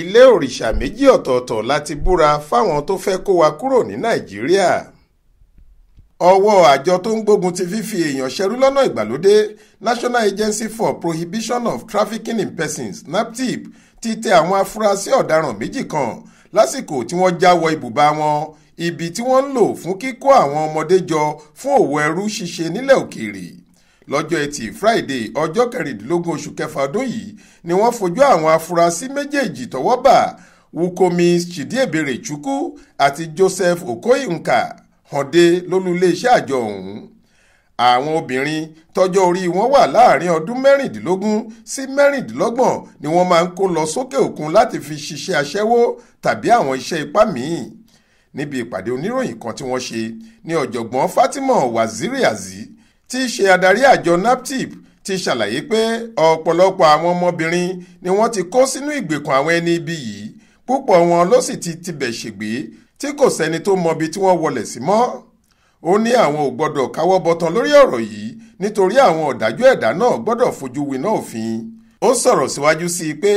ilé òrìṣà méjì ọ̀tọ̀ọ̀tọ̀ láti búra fáwọn tó fẹ́ kó wa kúrò ní nàìjíríà ọwọ́ àjọ tó ń gbógun ti fífi èèyàn ṣẹrú lọ́nà ìgbàlódé national agency for prohibition of trafficking in persons naptip ti tẹ àwọn afurasí ọ̀daràn méjì kan lásìkò tí wọ́n já wọ ibùba wọn ibi tí wọ́n ń lò fún kíkó àwọn ọmọdé jọ fún òwò ẹrú ṣíṣe nílẹ̀ òkèèrè lọ́jọ́ etí friday ọjọ́ kẹrìndínlógún oṣù kẹfà ọdún yìí ni wọ́n fojú àwọn afurasí méjèèjì tọ́wọ́ bà Wùkọ́mi Chidiebere Chukwu àti Joseph Okoyinka hànde lólú iléeṣẹ́ àjọ ọ̀hún àwọn obìnrin tọ́jọ́ orí wọn wà láàrin ọdún mẹ́rìndínlógún sí mẹ́rìndínlọ́gbọ̀n ni wọ́n máa ń kó lọ sókè òkun láti fi ṣiṣẹ́ aṣẹ́wó tàbí àwọn iṣẹ́ ipá míì níbi ìpàdé oníròyìn kan tí wọ́n ṣe ní ọ̀jọ̀gbọ́n Fatima Waziri Azi tí í ṣe adarí àjọ naptip ti ṣàlàyé pé ọ̀pọ̀lọpọ̀ àwọn ọmọbìnrin ni wọ́n ti kó sínú ìgbèkùn àwọn ẹni ibi yìí púpọ̀ wọn ló sì ti tibẹ̀ ṣègbè tí kò sẹ́ni tó mọbi tí wọ́n wọlẹ̀ sí mọ́ ó ní àwọn ò gbọ́dọ̀ káwọ́ bọ̀tán lórí ọ̀rọ̀ yìí nítorí àwọn ọ̀dájú ẹ̀dá náà gbọ́dọ̀ fojú winá òfin ó sọ̀rọ̀ síwájú sí i pé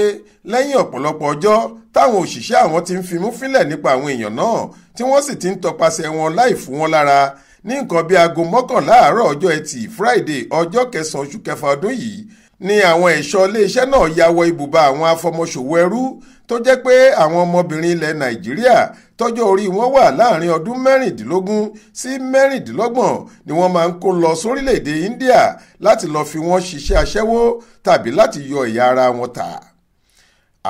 lẹ́yìn ọ̀pọ̀lọpọ̀ ọjọ́ táwọn òṣìṣẹ́ àwọn ti ń fimú fínlẹ̀ nípa àwọn èèyàn náà tí wọ́n sì ti ń tọpasẹ̀ wọn láì fún wọn lára ní nǹkan bíi aago mọ́kànlá àárọ̀ ọjọ́ ẹtì friday ọjọ́ kẹsàn-án oṣù kẹfà ọdún yìí ni àwọn ẹ̀ṣọ́ iléeṣẹ́ náà ya wọ ibùba àwọn afọmọṣòwò ẹrú tó jẹ́ pé àwọn ọmọbìnrin ilẹ̀ nàìjíríà tọ́jọ́ orí wọn wà láàrin ọdún mẹ́rìndínlógún sí mẹ́rìndínlọ́gbọ̀n ni wọ́n máa ń kó lọ sórílẹ̀‐èdè india láti lọ́ọ́ fi wọ́n ṣiṣẹ́ aṣẹ́wó tàbí láti yọ ẹ̀yà ara wọn tà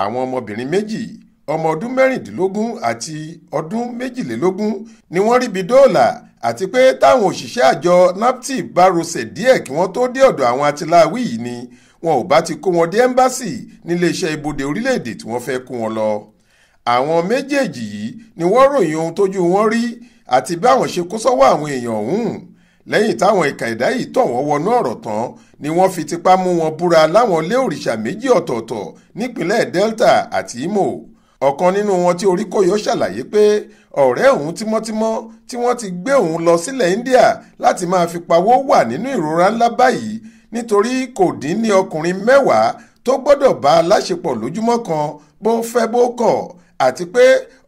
àwọn ọmọbìnrin méjì ọmọ ọdún mẹ́rìndínlógún àti ọdún méjìlélógún ni wọ́n ríbi dóòlà àti pé táwọn òṣìṣẹ́ àjọ naptip bá rọsẹ̀ díẹ̀ kí wọ́n tó dé ọ̀dọ̀ àwọn atiláwí yìí ni wọn ò bá ti kó wọn dé ẹ́mbáàsì níléeṣẹ́ ibodè orílẹ̀-èdè tí wọ́n fẹ́ kó wọn lọ. àwọn méjèèjì yìí ni wọ́n ròyìn ohun tójú wọn rí àti báwọn ṣe kó sọ́wọ́ àwọn èèyàn ọ̀hún lẹ́yìn táwọn ìka ẹ̀dá yìí tọ̀ wọ́n wọnú ọ̀rọ̀ tán ni wọ́n fi tipá mú wọn búra láwọn ilé òrìṣà méjì ọ̀tọ̀ọ̀tọ̀ nípínlẹ̀ Delta àti Imo ọ̀kan nínú wọn tí orí kò yọ ṣàlàyé pé ọ̀rẹ́ òun tímọ́tímọ́ tí wọ́n ti gbé òun lọ sílẹ̀ India láti máa fi pawó wà nínú ìrora ńlá báyìí nítorí kò dín ní ọkùnrin mẹ́wàá tó gbọ́dọ̀ bá a láṣepọ̀ lójúmọ́ kan bó fẹ́ bó kọ̀ àti pé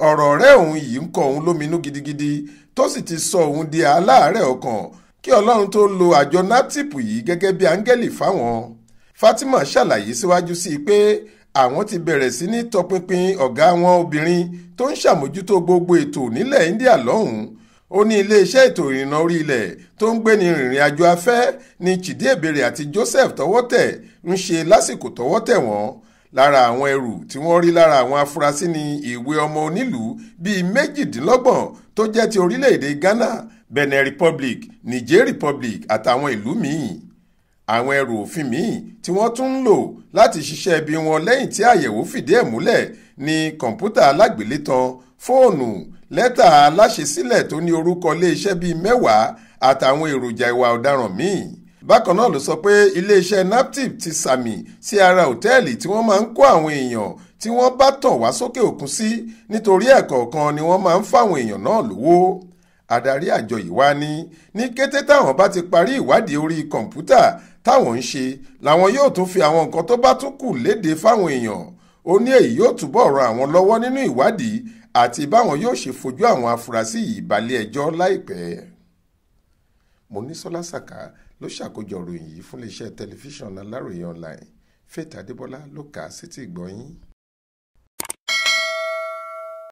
ọ̀rọ̀ ọ̀rẹ́ òun yìí ń kọ òun lóminú gidigidi tó sì ti sọ òun di aláàárẹ̀ ọkàn kí ọlọ́run tó lo àjọ natip yìí gẹ́gẹ́ bí áńgẹ́lì fáwọn Fatima ṣàlàyé síwájú sí i pé àwọn ti bẹ̀rẹ̀ sí ní tọpinpin ọ̀gá wọn obìnrin tó ń ṣàmójútó gbogbo ètò nílẹ̀ India lọ́hùn-ún ó ní iléeṣẹ́ ètò ìrìnnà orí ilẹ̀ tó ń gbé ní ìrìn àjò afẹ́ ní Chidi Ebere àti Joseph tọwọ́ tẹ̀ ń ṣe lásìkò tọwọ́ tẹ̀ wọ́n lára àwọn ẹrù tí wọ́n rí lára àwọn afurasí ni ìwé ọmọ onílùú bíi méjìdínlọ́gbọ̀n tó jẹ́ ti orílẹ̀-èdè Ghana Benin Republic Niger Republic àtàwọn ìlú míì àwọn ẹrù òfin míì tí wọ́n tún ń lò láti ṣiṣẹ́ ibi wọn lẹ́yìn tí àyẹ̀wò fìdí ẹ̀ múlẹ̀ ní kọ̀ǹpútà alágbélétan fóònù lẹ́tà aláṣesílẹ̀ tó ní orúkọ iléeṣẹ́ bíi mẹ́wàá àtàwọn èròjà ìwà ọ̀daràn míì bákan náà ló sọ pé iléeṣẹ́ naptip ti sàmì sí ara òtẹ́ẹ̀lì tí wọ́n máa ń kó àwọn èèyàn tí wọ́n bá tàn wá sókè òkun sí nítorí ẹ̀kọ̀ọ̀kan ni wọ́n máa ń fáwọn èèyàn náà lówó adarí àjọ yìí wá ní kété táwọn bá ti parí ìwádìí orí kọ̀ǹpútà táwọn ń ṣe làwọn yóò tún fi àwọn nǹkan tó bá tún kù léde fáwọn èèyàn ó ní èyí yóò túbọ̀ ran àwọn lọ́wọ́ nínú ìwádìí àti báwọn yóò ṣe fojú àwọn afurasí yìí balẹ̀-ẹjọ́ láìpẹ́. Monísọ́lá Sàká ló ṣàkójọ ìròyìn yìí fún iléeṣẹ́ tẹlifíṣàn Aláròye online Faith Adébọ́lá ló kà á sétí ìgbọ́ yín.